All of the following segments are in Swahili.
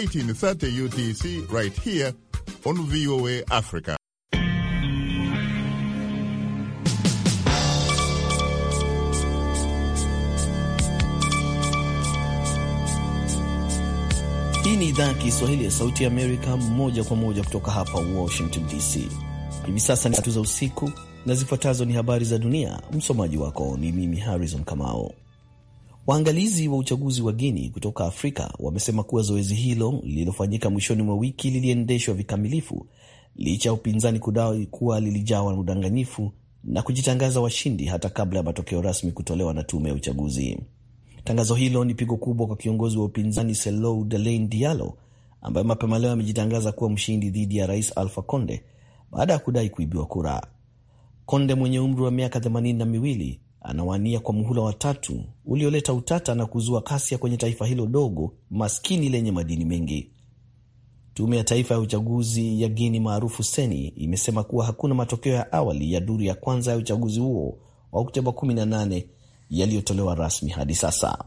1830 UTC right here on VOA Africa. Hii ni idhaa ya Kiswahili ya Sauti ya Amerika moja kwa moja kutoka hapa Washington DC. Hivi sasa ni tatu za usiku na zifuatazo ni habari za dunia. Msomaji wako ni mimi Harrison Kamao. Waangalizi wa uchaguzi wa guini kutoka Afrika wamesema kuwa zoezi hilo lililofanyika mwishoni mwa wiki liliendeshwa vikamilifu licha ya upinzani kudai kuwa lilijawa na udanganyifu na kujitangaza washindi hata kabla ya matokeo rasmi kutolewa na tume ya uchaguzi. Tangazo hilo ni pigo kubwa kwa kiongozi wa upinzani Selou Delain dialo ambaye mapema leo amejitangaza kuwa mshindi dhidi ya rais Alfa Conde baada ya kudai kuibiwa kura. Konde mwenye umri wa miaka themanini na miwili anawania kwa muhula wa tatu ulioleta utata na kuzua kasia kwenye taifa hilo dogo maskini lenye madini mengi. Tume ya Taifa ya Uchaguzi ya Guini maarufu Seni imesema kuwa hakuna matokeo ya awali ya duru ya kwanza ya uchaguzi huo wa Oktoba 18 yaliyotolewa rasmi hadi sasa.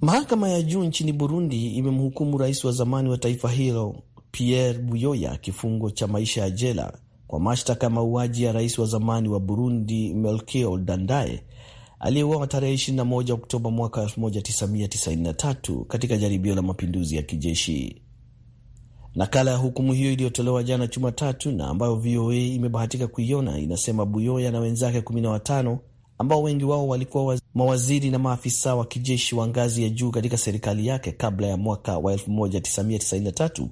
Mahakama ya juu nchini Burundi imemhukumu rais wa zamani wa taifa hilo Pierre Buyoya kifungo cha maisha ya jela kwa mashtaka ya mauaji ya rais wa zamani wa Burundi Melchior Dandaye aliyeuawa tarehe 21 Oktoba mwaka 1993 katika jaribio la mapinduzi ya kijeshi. Nakala ya hukumu hiyo iliyotolewa jana Jumatatu na ambayo VOA imebahatika kuiona inasema Buyoya na wenzake 15 ambao wengi wao walikuwa mawaziri na maafisa wa kijeshi wa ngazi ya juu katika serikali yake kabla ya mwaka wa 1993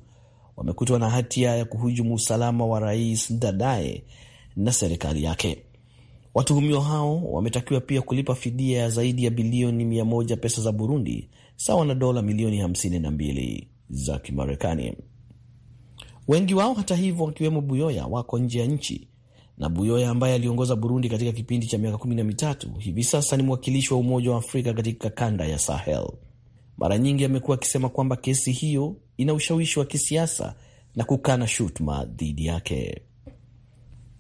wamekutwa na hatia ya kuhujumu usalama wa rais Dadae na serikali yake. Watuhumiwa hao wametakiwa pia kulipa fidia ya zaidi ya bilioni 100 pesa za Burundi, sawa na dola milioni 52 za Kimarekani. Wengi wao hata hivyo, wakiwemo Buyoya, wako nje ya nchi na Buyoya ambaye aliongoza Burundi katika kipindi cha miaka kumi na mitatu hivi sasa ni mwakilishi wa Umoja wa Afrika katika kanda ya Sahel. Mara nyingi amekuwa akisema kwamba kesi hiyo ina ushawishi wa kisiasa na kukana shutuma dhidi yake.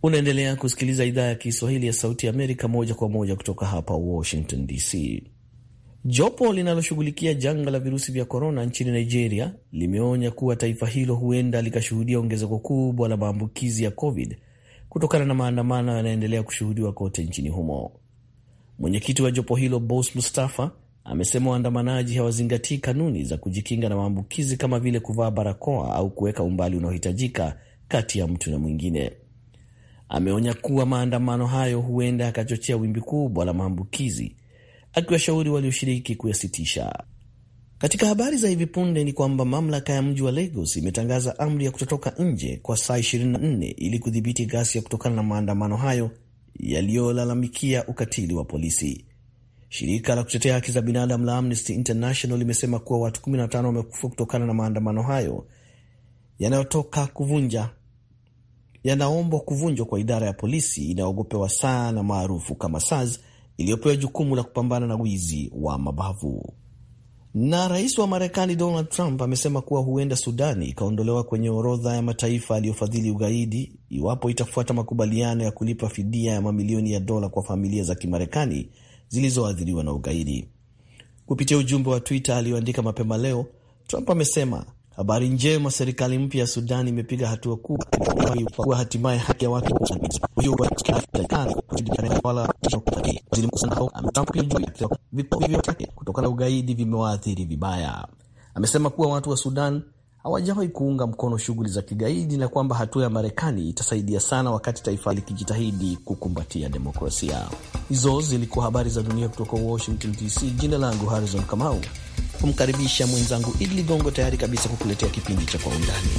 Unaendelea kusikiliza idhaa ya Kiswahili ya Sauti ya Amerika moja kwa moja kutoka hapa Washington DC. Jopo linaloshughulikia janga la virusi vya korona nchini Nigeria limeonya kuwa taifa hilo huenda likashuhudia ongezeko kubwa la maambukizi ya COVID kutokana na maandamano yanayoendelea kushuhudiwa kote nchini humo. Mwenyekiti wa jopo hilo Bos Mustafa amesema waandamanaji hawazingatii kanuni za kujikinga na maambukizi kama vile kuvaa barakoa au kuweka umbali unaohitajika kati ya mtu na mwingine. Ameonya kuwa maandamano hayo huenda yakachochea wimbi kubwa la maambukizi, akiwashauri walioshiriki kuyasitisha. Katika habari za hivi punde ni kwamba mamlaka ya mji wa Lagos imetangaza amri ya kutotoka nje kwa saa 24 ili kudhibiti ghasia kutokana na maandamano hayo yaliyolalamikia ukatili wa polisi. Shirika la kutetea haki za binadamu la Amnesty International limesema kuwa watu 15 wamekufa kutokana na maandamano hayo yanayotoka kuvunja yanaombwa kuvunjwa kwa idara ya polisi inayoogopewa sana maarufu kama SARS iliyopewa jukumu la kupambana na wizi wa mabavu. Na rais wa Marekani Donald Trump amesema kuwa huenda Sudani ikaondolewa kwenye orodha ya mataifa aliyofadhili ugaidi iwapo itafuata makubaliano ya kulipa fidia ya mamilioni ya dola kwa familia za Kimarekani zilizoathiriwa na ugaidi. Kupitia ujumbe wa Twitter aliyoandika mapema leo, Trump amesema habari njema, serikali mpya ya Sudan imepiga hatua kubwa kuwa hatimaye haki ya watu kutokana na ugaidi vimewaathiri vibaya. Amesema kuwa watu wa Sudan hawajawahi kuunga mkono shughuli za kigaidi na kwamba hatua ya Marekani itasaidia sana wakati taifa likijitahidi kukumbatia demokrasia. Hizo zilikuwa habari za dunia kutoka Washington DC. Jina langu Harrison Kamau, kumkaribisha mwenzangu Idi Ligongo tayari kabisa kukuletea kipindi cha Kwa Undani.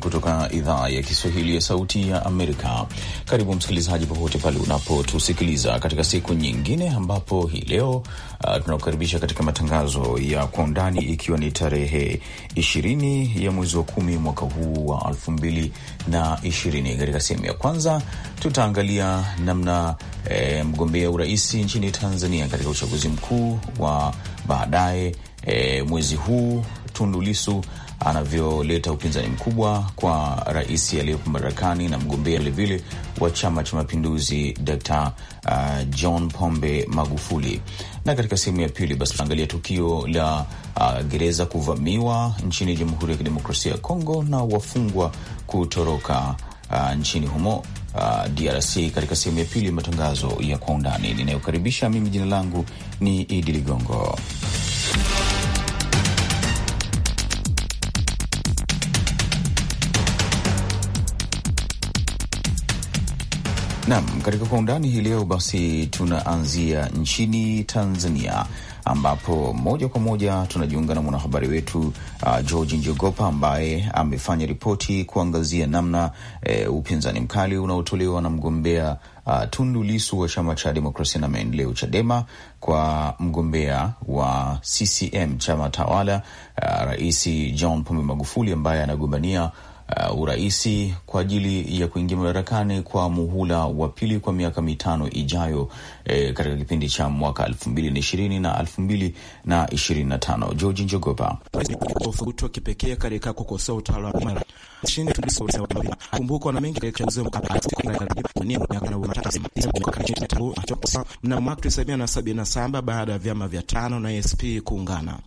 kutoka idhaa ya Kiswahili ya Sauti ya Amerika. Karibu msikilizaji, popote pale unapotusikiliza katika siku nyingine, ambapo hii leo uh, tunakukaribisha katika matangazo ya kwa undani, ikiwa ni tarehe ishirini ya mwezi wa kumi mwaka huu wa elfu mbili na ishirini. Katika sehemu ya kwanza tutaangalia namna eh, mgombea uraisi nchini Tanzania katika uchaguzi mkuu wa baadaye eh, mwezi huu Tundu Lissu anavyoleta upinzani mkubwa kwa rais aliyepo madarakani na mgombea vilevile wa Chama cha Mapinduzi, Dkt uh, John Pombe Magufuli. Na katika sehemu ya pili basi tutaangalia tukio la uh, gereza kuvamiwa nchini Jamhuri ya Kidemokrasia ya Kongo na wafungwa kutoroka uh, nchini humo Uh, DRC katika sehemu ya pili matangazo ya kwa undani ninayokaribisha. Mimi jina langu ni Idi Ligongo. nam katika kwa undani hii leo basi tunaanzia nchini Tanzania ambapo moja kwa moja tunajiunga na mwanahabari wetu uh, George Njogopa ambaye amefanya ripoti kuangazia namna e, upinzani mkali unaotolewa na mgombea uh, Tundu Lisu wa chama cha demokrasia na maendeleo Chadema kwa mgombea wa CCM chama tawala, uh, Rais John Pombe Magufuli ambaye anagombania uh, uraisi kwa ajili ya kuingia madarakani kwa muhula wa pili kwa miaka mitano ijayo, eh, katika kipindi cha mwaka elfu mbili na ishirini na elfu mbili na ishirini na tano. George Njogopa uthubutu wa kipekee katika kukosoa utawala wa kumbukwa na mengi mnamo mwaka elfu baada ya vyama vya tano na ASP kuungana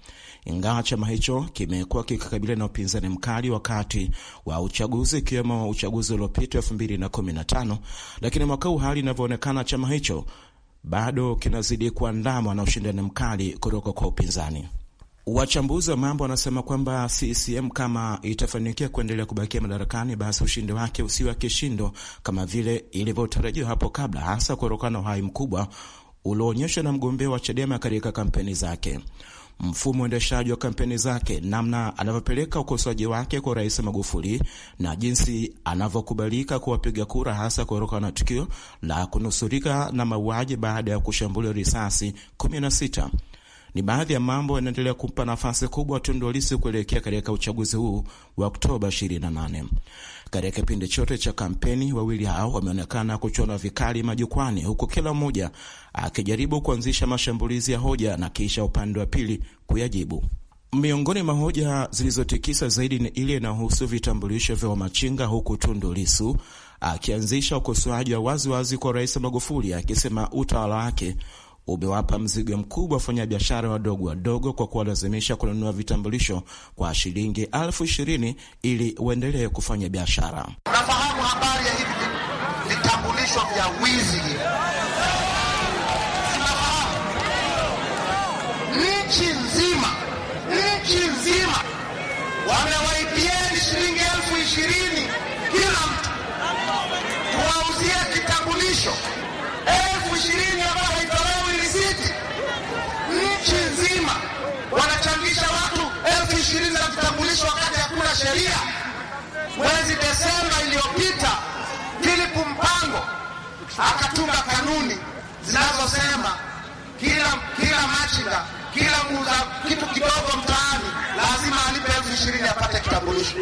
ingawa chama hicho kimekuwa kikikabiliana na upinzani mkali wakati wa uchaguzi ikiwemo uchaguzi uliopita tano lakini mwaka huu hali inavyoonekana chama hicho bado kinazidi kuandamwa na ushindani mkali kutoka kwa upinzani. Wachambuzi wa mambo wanasema kwamba CCM kama itafanikia kuendelea kubakia madarakani, basi ushindi wake usiwe kishindo kama vile ilivyotarajiwa hapo kabla, hasa kutokana na uhai mkubwa ulioonyeshwa na mgombea wa Chadema katika kampeni zake mfumo uendeshaji wa kampeni zake, namna anavyopeleka ukosoaji wake kwa Rais Magufuli na jinsi anavyokubalika kuwapiga kura, hasa kutokana na tukio la kunusurika na mauaji baada ya kushambuliwa risasi 16 ni baadhi ya mambo yanaendelea kumpa nafasi kubwa Tundu Lissu kuelekea katika uchaguzi huu wa Oktoba 28. Katika kipindi chote cha kampeni, wawili hao wameonekana kuchona vikali majukwani, huku kila mmoja akijaribu kuanzisha mashambulizi ya hoja na kisha upande wa pili kuyajibu. Miongoni mwa hoja zilizotikisa zaidi ni ile inayohusu vitambulisho vya wamachinga, huku Tundu Lisu akianzisha ukosoaji wa waziwazi kwa Rais Magufuli akisema utawala wake umewapa mzigo mkubwa wafanyabiashara wadogo wadogo kwa kuwalazimisha kununua vitambulisho kwa shilingi elfu ishirini ili uendelee kufanya biashara. Nafahamu habari ya hivi vitambulisho vya wizi, nchi sheria mwezi Desemba iliyopita, Philip Mpango akatunga kanuni zinazosema kila kila machinga, kila muuza kitu kidogo mtaani lazima alipe elfu ishirini apate kitambulisho.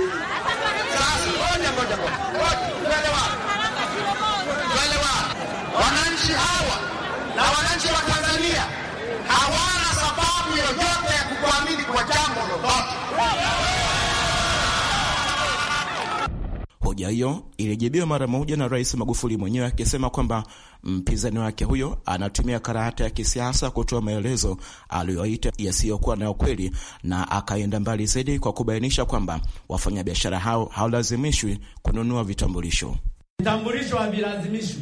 Sasa wananchi hawa hiyo ilijibiwa mara moja na Rais Magufuli mwenyewe akisema kwamba mpinzani wake huyo anatumia karata ya kisiasa kutoa maelezo aliyoita yasiyokuwa na ukweli, na akaenda mbali zaidi kwa kubainisha kwamba wafanyabiashara hao hawalazimishwi kununua vitambulisho. Vitambulisho havilazimishwi,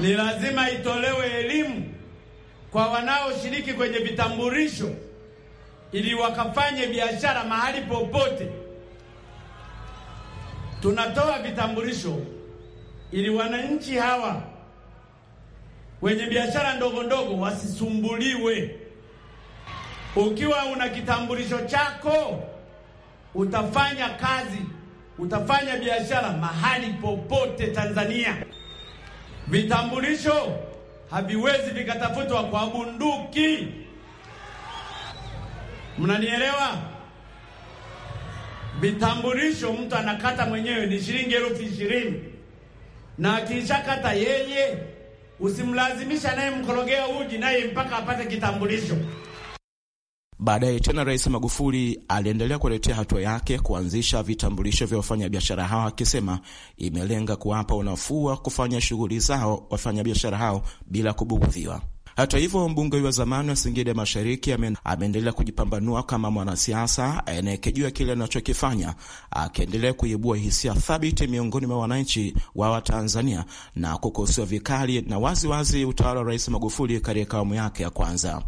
ni lazima itolewe elimu kwa wanaoshiriki kwenye vitambulisho ili wakafanye biashara mahali popote tunatoa vitambulisho ili wananchi hawa wenye biashara ndogo ndogo wasisumbuliwe. Ukiwa una kitambulisho chako utafanya kazi, utafanya biashara mahali popote Tanzania. Vitambulisho haviwezi vikatafutwa kwa bunduki. Mnanielewa? vitambulisho mtu anakata mwenyewe ni shilingi elfu ishirini na akishakata yeye, usimlazimisha naye mkorogea uji naye mpaka apate kitambulisho. Baadaye tena Rais Magufuli aliendelea kuletea hatua yake kuanzisha vitambulisho vya wafanyabiashara hao, akisema imelenga kuwapa unafuu wa kufanya shughuli zao wafanyabiashara hao bila kubughudhiwa. Hata hivyo, mbunge wa zamani wa Singida Mashariki ameendelea kujipambanua kama mwanasiasa anayekejuwa kile anachokifanya, akiendelea kuibua hisia thabiti miongoni mwa wananchi wa Watanzania na kukosoa vikali na waziwazi wazi utawala wa Rais Magufuli katika awamu yake ya kwanza.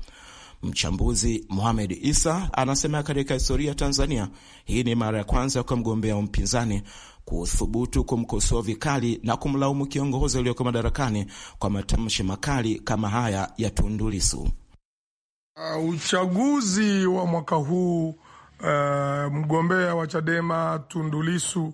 Mchambuzi Mohamed Isa anasema katika historia ya Tanzania hii ni mara ya kwanza kwa mgombea wa mpinzani kuthubutu kumkosoa vikali na kumlaumu kiongozi aliyoko madarakani kwa matamshi makali kama haya ya Tundu Lissu. Uh, uchaguzi wa mwaka huu uh, mgombea wa Chadema Tundu Lissu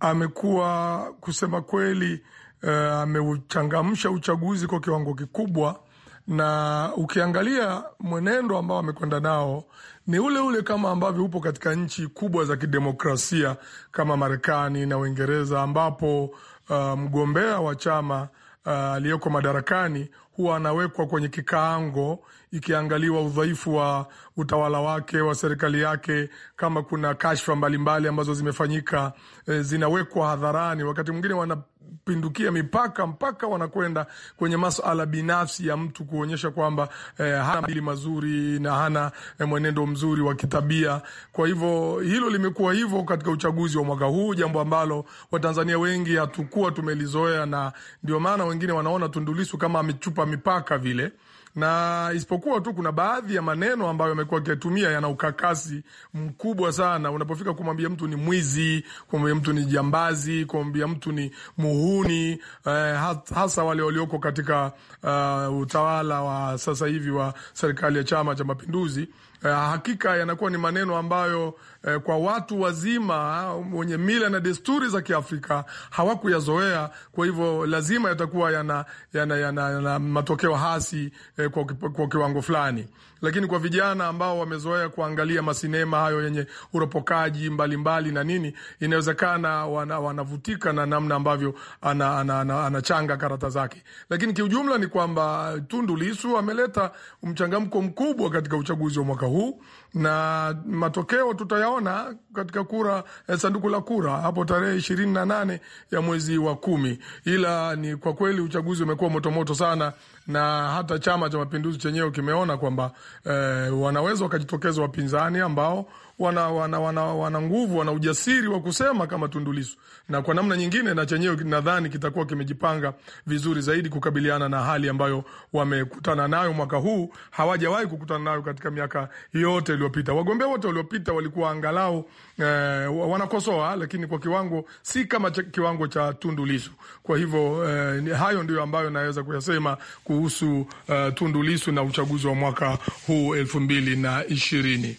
amekuwa kusema kweli, uh, ameuchangamsha uchaguzi kwa kiwango kikubwa na ukiangalia mwenendo ambao amekwenda nao ni ule ule kama ambavyo upo katika nchi kubwa za kidemokrasia kama Marekani na Uingereza, ambapo uh, mgombea wa chama uh, aliyeko uh, madarakani huwa anawekwa kwenye kikaango, ikiangaliwa udhaifu wa utawala wake wa serikali yake, kama kuna kashfa mbalimbali ambazo zimefanyika, e, zinawekwa hadharani, wakati mwingine wana pindukia mipaka mpaka wanakwenda kwenye masuala binafsi ya mtu kuonyesha kwamba eh, hana maadili mazuri na hana eh, mwenendo mzuri wa kitabia. Kwa hivyo hilo limekuwa hivyo katika uchaguzi wa mwaka huu, jambo ambalo Watanzania wengi hatukuwa tumelizoea, na ndio maana wengine wanaona Tundu Lissu kama amechupa mipaka vile na isipokuwa tu kuna baadhi ya maneno ambayo amekuwa akiyatumia yana ukakasi mkubwa sana. Unapofika kumwambia mtu ni mwizi, kumwambia mtu ni jambazi, kumwambia mtu ni muhuni, eh, hasa wale walioko katika uh, utawala wa sasa hivi wa serikali ya Chama cha Mapinduzi. Uh, hakika yanakuwa ni maneno ambayo uh, kwa watu wazima wenye mila na desturi za Kiafrika hawakuyazoea. Kwa hivyo lazima yatakuwa yana, yana, yana, yana matokeo hasi uh, Eh, kwa, kwa kiwango fulani, lakini kwa vijana ambao wamezoea kuangalia masinema hayo yenye uropokaji mbalimbali na nini, inawezekana wana, na namna ambavyo anachanga ana, ana, ana, ana karata zake, lakini kiujumla ni kwamba Tundu Lisu ameleta mchangamko mkubwa katika uchaguzi wa mwaka huu na matokeo tutayaona katika kura eh, sanduku la kura hapo tarehe ishirini na nane ya mwezi wa kumi. Ila ni kwa kweli uchaguzi umekuwa motomoto sana, na hata Chama cha Mapinduzi chenyewe kimeona kwamba eh, wanaweza wakajitokeza wapinzani ambao wana, wana, wana, wana nguvu, wana ujasiri wa kusema kama Tundu Lissu, na kwa namna nyingine na chenyewe nadhani kitakuwa kimejipanga vizuri zaidi kukabiliana na hali ambayo wamekutana nayo mwaka huu, hawajawahi kukutana nayo katika miaka yote iliyopita. Wagombea wote waliopita walikuwa angalau eh, wanakosoa, lakini kwa kiwango si kama cha, kiwango cha Tundu Lissu. Kwa hivyo eh, hayo ndiyo ambayo naweza kuyasema kuhusu eh, Tundu Lissu na uchaguzi wa mwaka huu elfu mbili na ishirini.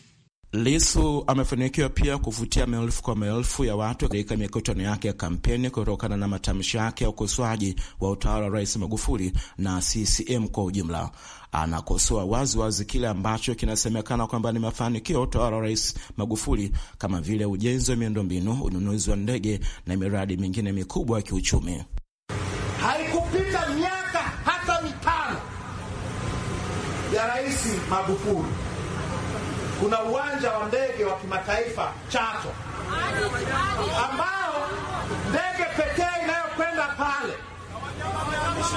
Lisu amefanikiwa pia kuvutia maelfu kwa maelfu ya watu katika mikutano yake ya kampeni kutokana na matamshi yake ya ukosoaji wa utawala wa Rais Magufuli na CCM kwa ujumla. Anakosoa waziwazi kile ambacho kinasemekana kwamba ni mafanikio ya utawala wa Rais Magufuli kama vile ujenzi wa miundombinu, ununuzi wa ndege na miradi mingine mikubwa ya kiuchumi. Haikupita miaka hata mitano ya Rais Magufuli kuna uwanja wa ndege wa kimataifa Chato ambao ndege pekee inayokwenda pale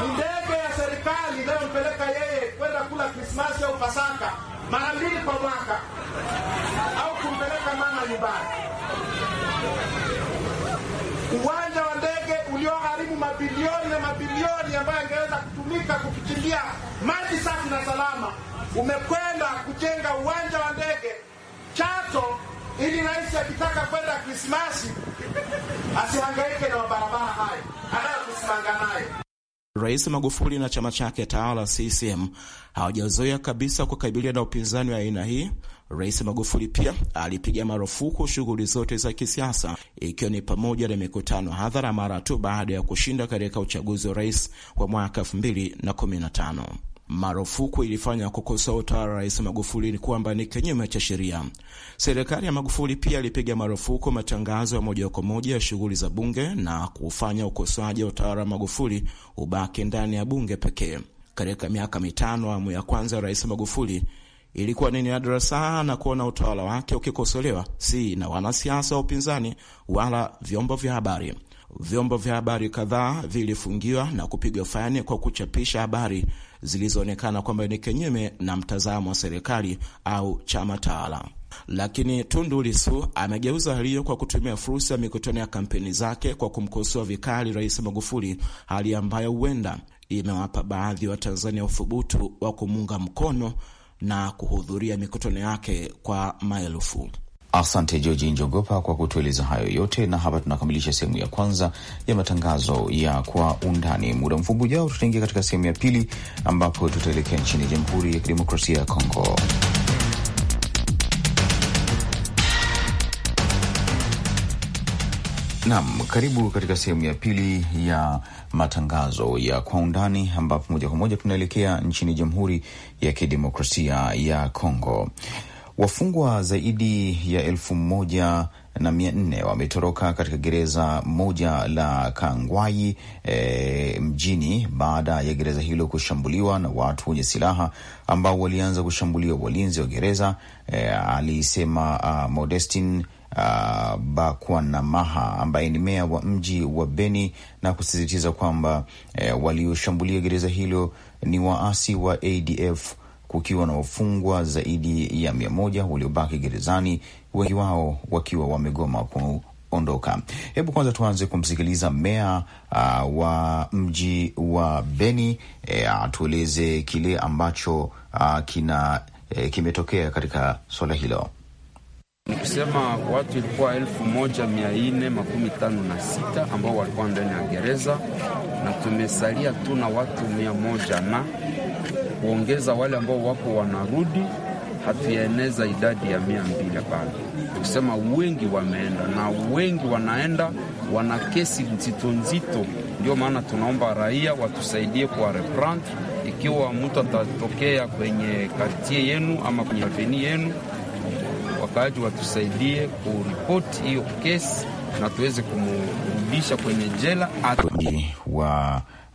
ni ndege ya serikali inayompeleka yeye kwenda kula Krismasi au Pasaka mara mbili kwa mwaka au kumpeleka mama nyumbani. Uwanja wa ndege uliogharimu mabilioni na mabilioni ambayo angeweza kutumika kukikimbia maji safi na salama umekwenda kujenga uwanja wa ndege Chato ili rais akitaka kwenda Krismasi asihangaike na mabarabara hayo anayokusimanga naye. Rais Magufuli na chama chake tawala CCM hawajazoea kabisa kukabiliana na upinzani wa aina hii. Rais Magufuli pia alipiga marufuku shughuli zote za kisiasa ikiwa ni pamoja na mikutano hadhara mara tu baada ya kushinda katika uchaguzi wa rais wa mwaka 2015 marufuku ilifanya kukosoa utawala wa Rais Magufuli ni kwamba ni kinyume cha sheria. Serikali ya Magufuli pia ilipiga marufuku matangazo ya moja kwa moja ya shughuli za bunge na kufanya ukosoaji wa utawala wa Magufuli ubaki ndani ya bunge pekee. Katika miaka mitano awamu ya kwanza ya Rais Magufuli ilikuwa ni nadra sana kuona utawala wake ukikosolewa, si na wanasiasa wa upinzani wala vyombo vya habari. Vyombo vya habari kadhaa vilifungiwa na kupigwa faini kwa kuchapisha habari zilizoonekana kwamba ni kinyume na mtazamo wa serikali au chama tawala. Lakini Tundu Lissu amegeuza hali hiyo kwa kutumia fursa ya mikutano ya kampeni zake kwa kumkosoa vikali Rais Magufuli, hali ambayo huenda imewapa baadhi ya Watanzania uthubutu wa kumuunga mkono na kuhudhuria mikutano yake kwa maelfu. Asante Georgi Njogopa kwa kutueleza hayo yote, na hapa tunakamilisha sehemu ya kwanza ya matangazo ya Kwa Undani. Muda mfupi ujao, tutaingia katika sehemu ya pili ambapo tutaelekea nchini Jamhuri ya Kidemokrasia ya Kongo. Nam, karibu katika sehemu ya pili ya matangazo ya kwa undani, ambapo moja kwa moja tunaelekea nchini Jamhuri ya Kidemokrasia ya Kongo. Wafungwa zaidi ya elfu moja na mia nne wametoroka katika gereza moja la Kangwai e, mjini baada ya gereza hilo kushambuliwa na watu wenye silaha ambao walianza kushambulia walinzi wa gereza e, alisema uh, Modestin Uh, Bakwanamaha ambaye ni meya wa mji wa Beni na kusisitiza kwamba eh, walioshambulia gereza hilo ni waasi wa ADF kukiwa na wafungwa zaidi ya mia moja waliobaki gerezani, wengi wao wakiwa wamegoma kuondoka. Hebu kwanza tuanze kumsikiliza meya uh, wa mji wa Beni eh, atueleze kile ambacho uh, kina eh, kimetokea katika suala hilo. Ni kusema watu ilikuwa elfu moja mia nne makumi tano na sita ambao walikuwa ndani ya gereza na tumesalia tu na watu mia moja na kuongeza wale ambao wako wanarudi, hatuyaeneza idadi ya mia mbili Hapana, kusema wengi wameenda na wengi wanaenda wana kesi nzito nzito. Ndio maana tunaomba raia watusaidie kwa reprant. Ikiwa mtu atatokea kwenye kartie yenu ama kwenye aveni yenu, wakaaji watusaidie kuripoti hiyo kesi na tuweze kumrudisha kwenye jela wa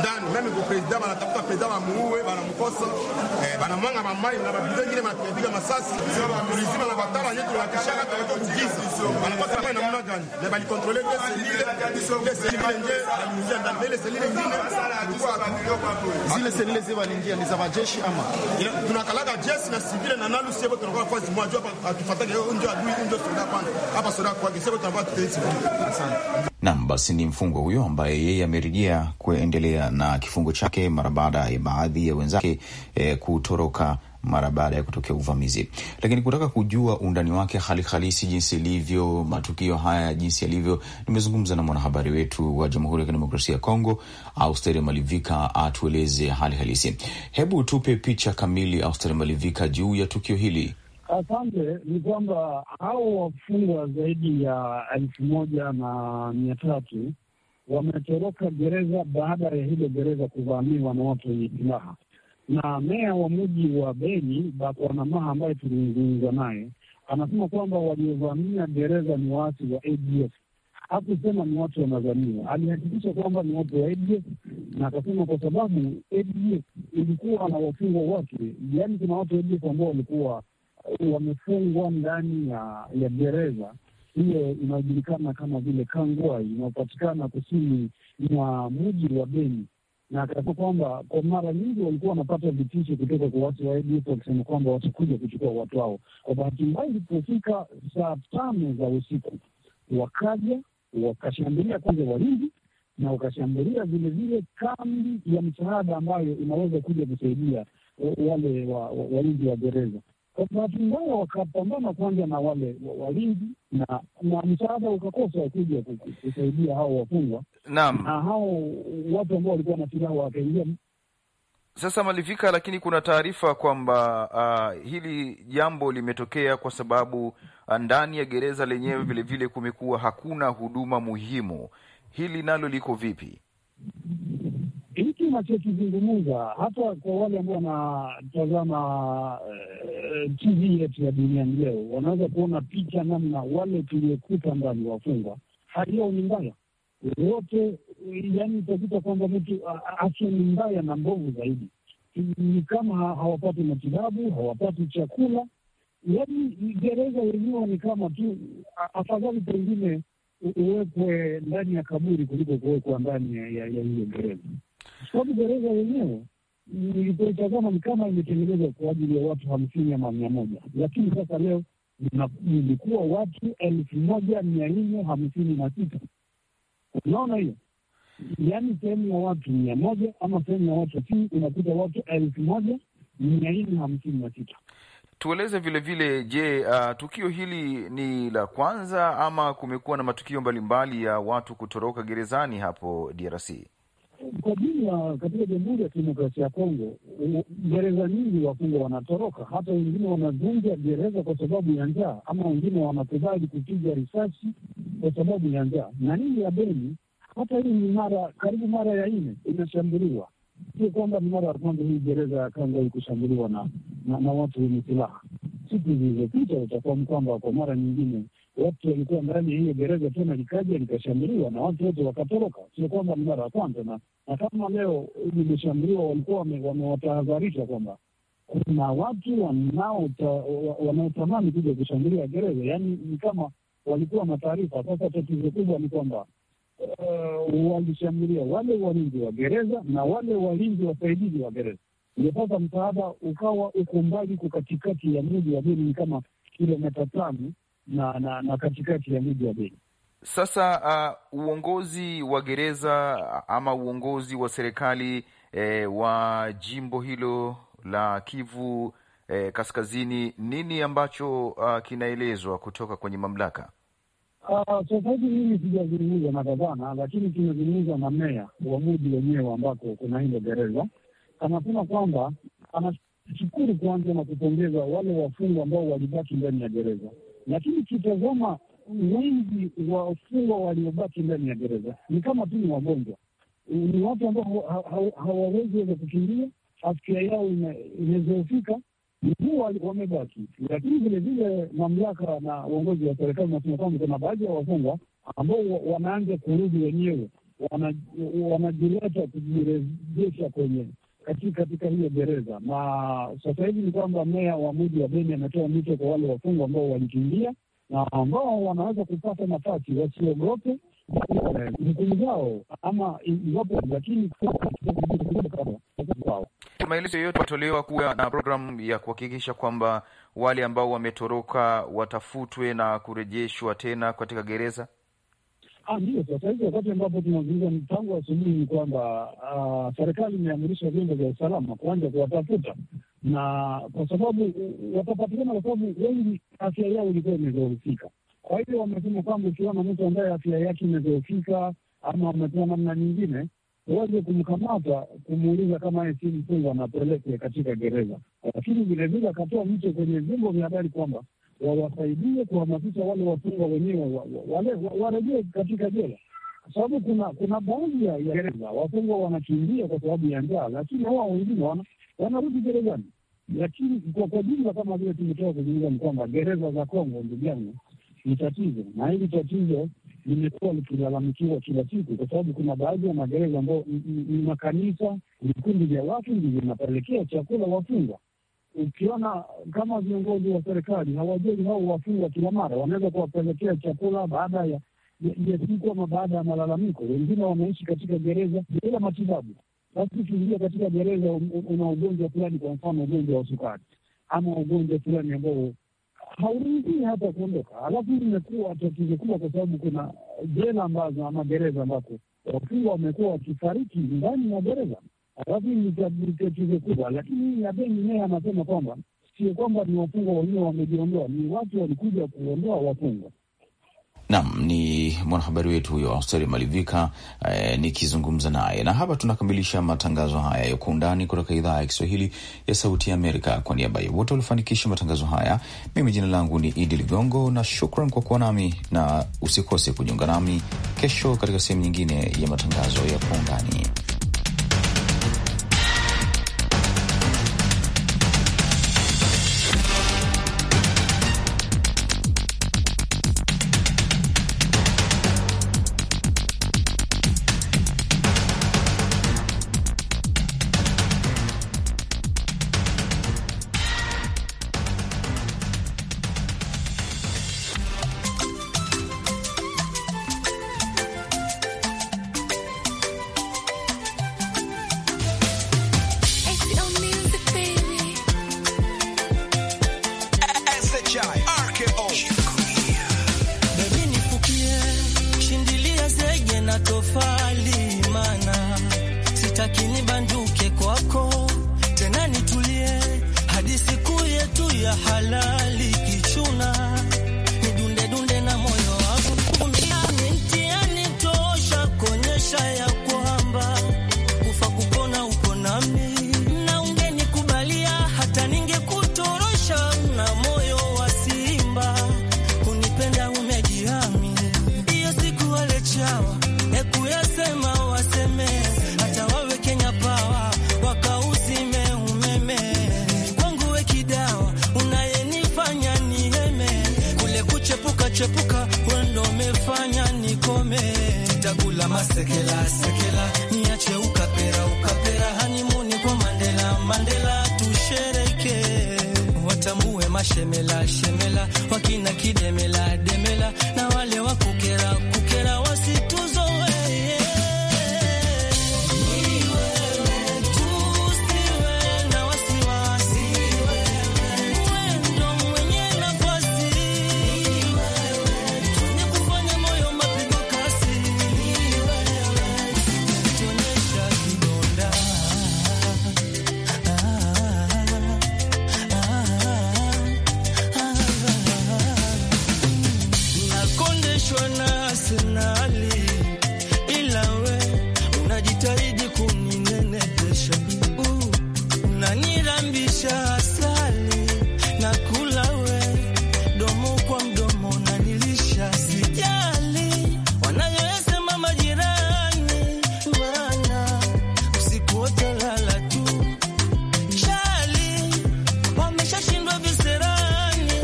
ndani meme ku president banatafuta president bamuue, banamkosa eh, banamwanga mamai na babize ngine banapiga masasi tulizima na batala yetu tunakishaka tunatokugiza banakosa kwa namna gani na bali controller ke selile ke selile nje alimuuzia ndani ile selile ngine zile selile ziba ningia ni za majeshi ama tunakalaga jeshi na civile na nalu sebo tunakuwa kwa zimwa jua hatufatake ndio adui ndio soda hapa soda kwa gesebo tunakuwa tutesi asante Nam basi ni mfungwa huyo ambaye yeye amerejea kuendelea na kifungo chake mara baada ya baadhi ya wenzake e, kutoroka mara baada ya kutokea uvamizi. Lakini kutaka kujua undani wake, hali halisi jinsi ilivyo, matukio haya jinsi yalivyo, nimezungumza na mwanahabari wetu wa Jamhuri ya Kidemokrasia ya Kongo, Auster Malivika, atueleze hali halisi. Hebu tupe picha kamili, Auster Malivika, juu ya tukio hili. Asante. Ni kwamba hao wafungwa zaidi ya elfu moja na mia tatu wametoroka gereza baada ya hilo gereza kuvamiwa na watu wenye silaha, na meya wa mji wa Beni bakwanamaha ambaye tulizungumza naye anasema kwamba waliovamia gereza ni waasi wa ADF. Hakusema ni watu wanazamia alihakikisha kwamba ni watu wa ADF na akasema kwa sababu ADF ilikuwa na wafungwa wake, yaani kuna watu ADF ambao walikuwa wamefungwa ndani ya ya gereza hiyo inayojulikana kama vile Kangwai inayopatikana kusini mwa mji wa Beni, na akasema kwamba kwa mara nyingi walikuwa wanapata vitisho kutoka kwa watu wa ADF wakisema kwamba watakuja kuchukua watu hao. Kwa bahati mbaya, ilipofika saa tano za usiku wakaja wakashambulia kwanza walinzi na wakashambulia vilevile kambi ya msaada ambayo inaweza kuja kusaidia wale walinzi wa gereza wa, wa bahati mbaya wakapambana kwanza na wale walinzi na na msaada ukakosa kuja kusaidia hao wafungwa na hao watu ambao walikuwa na silaha wakaingia. Sasa malivika, lakini kuna taarifa kwamba uh, hili jambo limetokea kwa sababu ah, ndani ya gereza lenyewe Vilevile kumekuwa hakuna huduma muhimu. Hili nalo liko vipi? nachokizungumza hata kwa wale ambao wanatazama uh, eh, TV yetu ya duniani leo, wanaweza kuona picha namna wale tuliokuta ndani wafungwa, hali yao ni mbaya wote, yani utakuta kwamba mtu afya ni mbaya na mbovu zaidi, ni kama hawapati matibabu, hawapati chakula, yani gereza yenyewe ni kama tu, afadhali pengine uwekwe ndani ya kaburi kuliko kuwekwa ndani ya hiyo gereza sababu gereza yenyewe nilipoitazama ni kama imetengenezwa kwa ajili ya watu hamsini ama mia moja, lakini sasa leo ilikuwa watu elfu moja mia nne hamsini na sita. Unaona hiyo, yaani sehemu ya watu mia moja ama sehemu ya watu sitini unakuta watu elfu moja mia nne hamsini na sita. Tueleze vilevile, je, uh, tukio hili ni la kwanza ama kumekuwa na matukio mbalimbali ya watu kutoroka gerezani hapo DRC? Kwa jumla katika Jamhuri ya Kidemokrasia ya Kongo, gereza nyingi wafungwa wanatoroka, hata wengine wanavunja gereza kwa sababu ya njaa, ama wengine wanakubali kupiga risasi kwa sababu ya njaa. Na nini ya Beni, hata hii ni mara karibu mara ya nne inashambuliwa, sio kwamba ni mara ya kwanza hii gereza ya Kanga ikushambuliwa na, na, na watu wenye silaha. Siku zilizopita utakuwa kwamba kwa mara nyingine watu walikuwa ndani ya hiyo gereza tena likaja likashambuliwa na watu wote wakatoroka. Sio kwamba ni mara ya kwanza, na na kama leo limeshambuliwa, walikuwa wamewatahadharisha kwamba kuna watu wanaotamani kuja kushambulia gereza, yaani ni kama walikuwa na taarifa. Sasa tatizo kubwa ni kwamba uh, walishambulia wale walinzi wa gereza na wale walinzi wasaidizi wa gereza. Ndiposa msaada ukawa uko mbali, uko katikati ya mji wa Beni, ni kama kilometa tano na, na, na katikati ya mji wa Beni. Sasa uh, uongozi wa gereza uh, ama uongozi wa serikali eh, wa jimbo hilo la Kivu eh, Kaskazini, nini ambacho uh, kinaelezwa kutoka kwenye mamlaka uh, sasa hivi? mimi sijazungumza na gavana, lakini tumezungumza na meya wa mji wenyewe ambako kuna hilo gereza. Anasema kwamba anashukuru kwanza na kupongeza wale wafungwa ambao walibaki ndani ya gereza lakini ukitazama wengi wa wafungwa waliobaki ndani ya gereza ni kama tu ni wagonjwa, ni watu ambao hawawezi weza kukimbia, afya yao imezoofika, ndio wamebaki. Lakini vilevile mamlaka na uongozi wa serikali nasema kwamba kuna baadhi ya wafungwa ambao wanaanza kurudi wenyewe, wanajileta kujirejesha kwenye katika katika hiyo gereza, na sasa hivi ni kwamba meya wa mji wa Beni ametoa mwito kwa wale wafungwa ambao walikimbia na ambao wanaweza kupata nafasi, wasiogope jukumu zao ama iwapo, lakini maelezo yote watolewa kuwa na programu ya kuhakikisha kwamba wale ambao wametoroka watafutwe na kurejeshwa tena katika gereza. Ah, ndio, sasa hivi wakati ambapo tunazungumza, mpango tangu asubuhi ni kwamba ah, serikali imeamrisha vyombo vya usalama kuanza kuwatafuta, na kwa sababu watapatikana, kwa sababu wengi afya yao ilikuwa imezoofika. Kwa hiyo wamesema kwamba ukiona mtu ambaye afya yake imezoofika ama wamepewa namna nyingine uweze kumkamata kumuuliza kama si mfungwa, anapelekwe katika gereza. Lakini vilevile akatoa mtu kwenye vyombo vya habari kwamba wawasaidie kuhamasisha wale wafungwa wenyewe warejee katika jela, kwa sababu kuna kuna baadhi ya wafungwa wanakimbia kwa sababu ya njaa, lakini wao wengine wanarudi gerezani. Lakini kwa jumla, kama vile tumetoka kuzungumza, ni kwamba gereza za Kongo, ndugu yangu, ni tatizo, na hili tatizo limekuwa likilalamikiwa kila siku, kwa sababu kuna baadhi ya magereza ambayo ni makanisa, vikundi vya watu ndivyo vinapelekea chakula wafungwa ukiona kama viongozi wa serikali hawajali hao wafungwa, kila mara wanaweza kuwapelekea chakula baada ya siku ama baada ya malalamiko. Wengine wanaishi katika gereza bila matibabu. Basi ukiingia katika gereza una ugonjwa fulani, kwa mfano ugonjwa wa sukari ama ugonjwa fulani ambao hauruhusii hata kuondoka. alafu imekuwa tatizo kubwa, kwa sababu kuna jela ambazo ama gereza ambako wafungwa wamekuwa wakifariki ndani ya gereza. Halafu ni tatizo kubwa, lakini Yabeni naye anasema kwamba sio kwamba ni wafungwa wenyewe wamejiondoa, ni watu walikuja kuondoa wafungwa. Nam ni mwanahabari wetu huyo Austeri Malivika eh, nikizungumza naye. Na hapa tunakamilisha matangazo haya ya Kwa Undani kutoka idhaa ya Kiswahili ya Sauti ya Amerika. Kwa niaba ya wote waliofanikisha matangazo haya, mimi jina langu ni Idi Ligongo na shukran kwa kuwa nami, na usikose kujiunga nami kesho katika sehemu nyingine ya matangazo ya Kwa Undani.